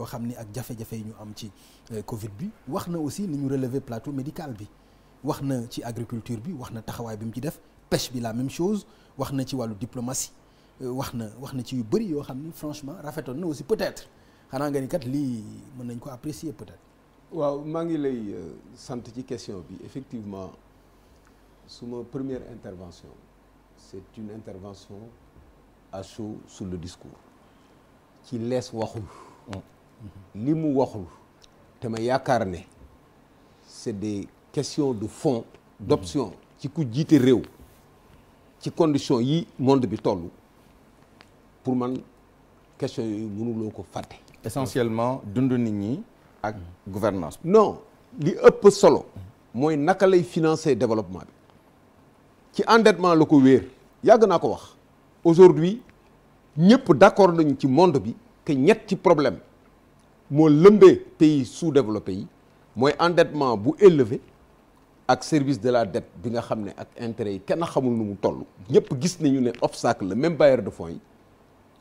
yoo xam ni ak jafe-jafe yi ñu am ci euh, Covid bi wax na aussi ni ñu relever plateau médical bi wax na ci agriculture bi wax na taxawaay bi mu ci def pêche bi la même chose wax na ci wàllu diplomatie euh, wax na wax na ci yu bëri yoo xam ni franchement rafetoon na aussi peut-être xanaa nga ni kat lii mën nañ ko apprécier peut-être. waaw maa ngi lay euh, sant ci question bi effectivement suma première intervention c'est une intervention à chaud sur le discours ci lees waxul. Mm. li mu waxul te ma yaakaar ne c'est des question de fond d'option ci ku jiite réew ci condition yi monde bi toll pour man question yooyu mënuloo ko fàtte essentiellement dund nit ñi ak gouvernance non li ëpp solo mooy naka lay financer développement bi ci endettement la ko wéer yàgg naa ko wax aujourd'hui ñëpp d'accord nañu ci monde bi que ñetti problème moo lëmbee pays sous-développé yi mooy endettement bu élevé ak service de la dette bi nga xam ne ak intérêt yi kenn xamul nu mu toll. ñëpp gis nañu ne obstacle la même bailleur de fonds yi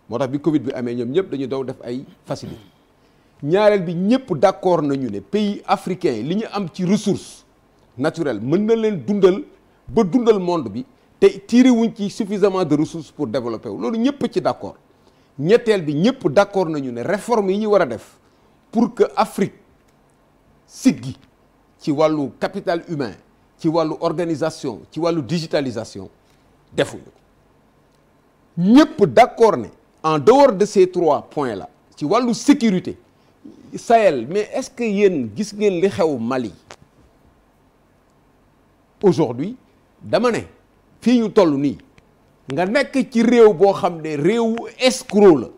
moo tax bi Covid bi amee ñoom ñëpp dañu daw def ay facilité ñaareel bi ñëpp d'accord nañu ne pays africain yi li ñu am ci ressource naturelle mën na leen dundal ba dundal monde bi te tiré wuñ ci suffisamment de ressources pour développer wu loolu ñëpp ci d'accord ñetteel bi ñëpp d'accord nañu ne réforme yi ñu war a def. pour que Afrique siggi ci wàllu capital humain ci wàllu organisation ci wàllu digitalisation defu ko ñëpp d'accord ne en dehors de ces trois points la ci wàllu sécurité Sahel mais est-ce que yéen gis ngeen li xew Mali aujourd'hui dama ne fii ñu toll nii nga nekk ci réew boo xam ne réewu escroc la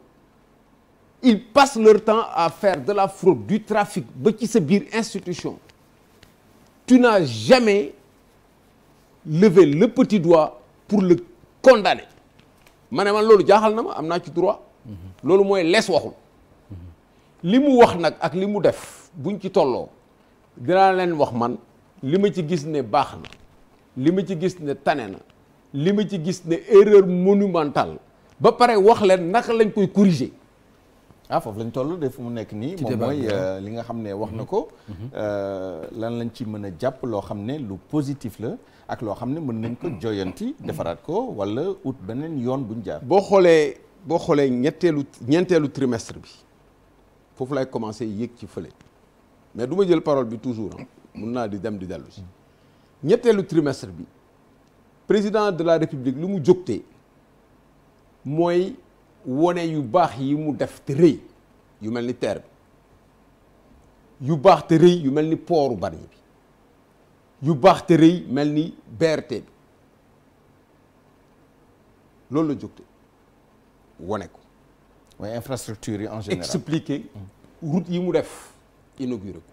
ils passent leur temps à faire de la fraude du trafic ba ci sa biir institution tu n'as jamais levé le petit doigt pour le condamner ma ne man loolu jaaxal na ma am naa ci droit loolu mooy lees waxul li mu wax nag ak li mu def buñ ci tolloo dinaa leen wax man li ma ci gis ne baax na li ma ci gis ne tane na li ma ci gis ne erreur monumentale ba pare wax leen naka lañ koy corriger ah foofu lañ toll de fu mu nekk nii moom mooy euh, li nga xam ne wax na mhm. ko mhm. Euh, lan lañ ci mën a jàpp loo xam ne lu positif la ak loo xam ne mën nañ ko mhm. joyanti defaraat ko wala ut beneen yoon buñ jaar boo xoolee boo xoolee ñetteelu ñeenteelu trimestre bi foofu lay commencé yéeg ci fële mais duma jël parole bi toujours mun naa di dem di dellu si ñetteelu trimestre bi président de la république lu mu jógtee mooy wone yu baax yi mu def te yu mel ni teer bi yu baax te rëy yu mel ni pooru Bargny bi yu baax te mel ni BRT bi loolu la jógte wone ko waaye infrastructure yi en général expliquer route yi mu def inauguré ko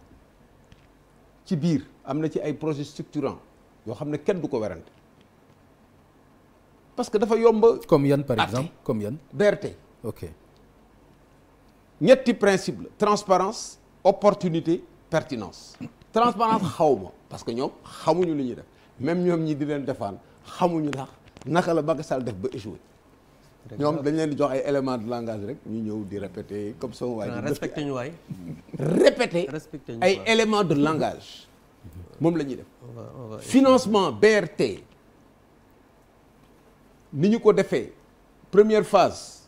ci biir am na ci ay projet structurants yoo xam ne kenn du ko werante parce que dafa yomb comme yan par exemple comme yan BRT ok ñetti principe la transparence opportunité pertinence transparence ma parce que ñoom xamuñu li ñuy def même ñoom ñi di leen defaan xamuñu ndax naka la Macky Sall def ba échoué ñoom dañ leen di jox ay éléments de langage rek ñu ñëw di répéter comme sama waay respecté ñu waay répéter ay élément de langage moom la ñuy def financement BRT ni ñu ko defee première phase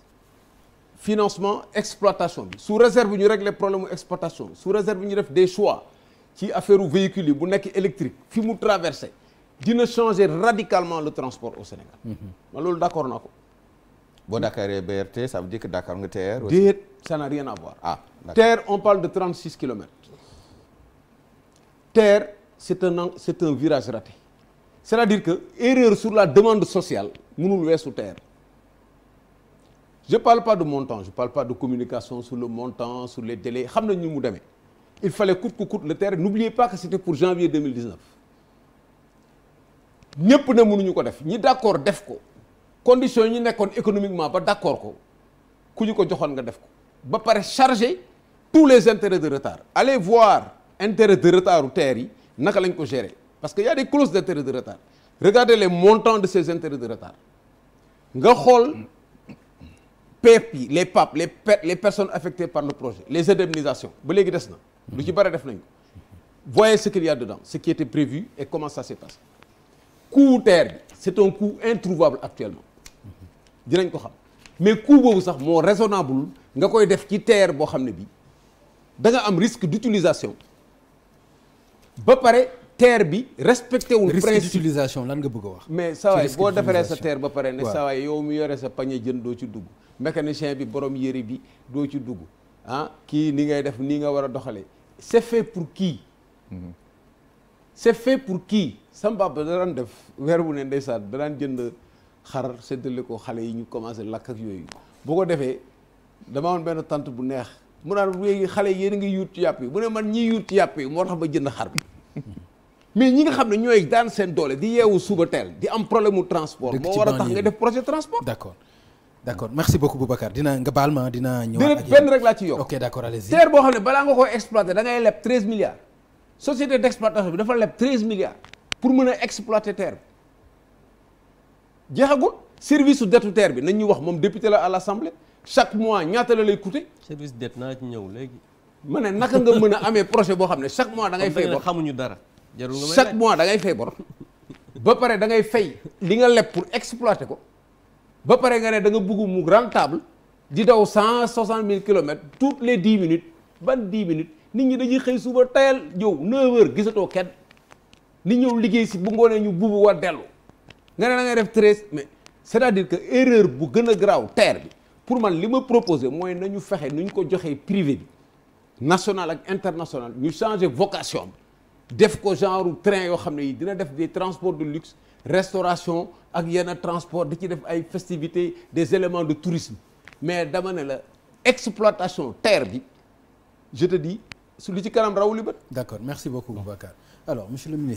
financement exploitation bi sous réserve ñu régler problème exploitation su sous réserve ñu def des choix ci affaire véhicule yi bu nekk électrique fi mu traversé dina changer radicalement le transport au Sénégal mhm. ma loolu d'accord naa ko boo Dakaree BRT ça veut dire que Dakar nga TER déet ça n'a rien à voir ah TER on parle de 36 kilomètres TER c'est un c'est un virage raté c'est-à-dire que erreur sur la demande sociale mënul weesu terre je parle pas de montant je parle pas de communication sur le montant sur les délais xam nañ ñu mu demee il fallait coûte que coûte le terre n'oubliez pas que c'était pour janvier 2019 ñëpp ne mënuñu ko def ñi d'accord def ko conditions yi ñu nekkoon économiquement ba d'accord ko ku ñu ko joxoon nga def ko ba pare charger tous les intérêts de retard allez voir intérêt de retard u terre yi naka lañ ko gérer parce que y de des clauses d'intérêt de retard regardez les montants de ces intérêts de retard nga xool PEP yi e les PAP les les personnes affectées par le projet les indemnisations ba léegi des na lu ci bare def nañ ko voyez ce qu'il y a dedans ce qui était prévu et comment ça s'est passé coût TER bi c'est un coût introuvable actuellement dinañ ko xam mais coût boobu sax moo raisonnable nga koy def ci TER boo xam ne bi da am risque d'utilisation ba pare terre bi respecté wul. principe risque d'utilisation lan nga bëgg a wax. mais saa boo defaree sa terre ba pare ne saa waay yow mu yore sa pañe jën doo ci dugg. mécanicien bi borom yére bi doo ci dugg ah kii ni ngay def nii nga war a doxale c'est fait pour qui. Mhm. c'est fait pour qui. sama papa da daan def weer wu ne ndeysaan da daan jënd xar séddale ko xale yi ñu commencé lakk ak yooyu boo ko defee dama amoon benn tante bu neex mu naan léegi xale yéen a ngi yuut yàpp yi bu ne man ñii yuut yàpp yi moo tax ba jënd xar bi. mais ñi nga xam ne ñooy daan seen doole di yeewu suba teel di am problème transport. moo war a tax nga def projet transport. d'accord d'accord merci beaucoup Boubacar dina nga baal ma dina. ñëwaat ak benn rek laa ci yokk ok boo xam ne balaa nga koy exploiter da ngay leb 13 milliards. société d'exploitation bi dafa leb 13 milliards pour mën a exploiter terre bi jeexagul service su dettu terre bi nañ ñu wax moom député la à l'Assemblée chaque mois ñaata la lay coûter. service dette naa ñëw léegi. ne naka nga mën a amee projet boo xam ne chaque mois da ngay fay ba xamuñu dara. jarul nga chaque mois da ngay fay bor. ba pare da ngay fay li nga leb pour exploiter ko. ba pare nga ne da nga bugg mu rentable. di daw cent soixante mille kilomètres toutes les dix minutes ban dix minutes nit ñi dañuy xëy suba tayal yow neuf heures gisatoo kenn. nit ñëw liggéey si bu ngoonee ñu buubu war dellu. nga ne da ngay def treize mais c'est-à-dire que erreur bu gën a garaaw terre bi. pour man li ma proposé mooy nañu fexe nu ko joxee privé bi national ak international ñu changer vocation bi def ko genre train yoo xam ne yi dina def des transports de luxe restauration ak yenn transport di ci def ay festivités des éléments de tourisme mais dama ne la exploitation terre bi je te dis su li ci kanam raw li bët. d'accord merci beaucoup Boubacar alors monsieur le ministre.